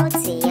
歌词。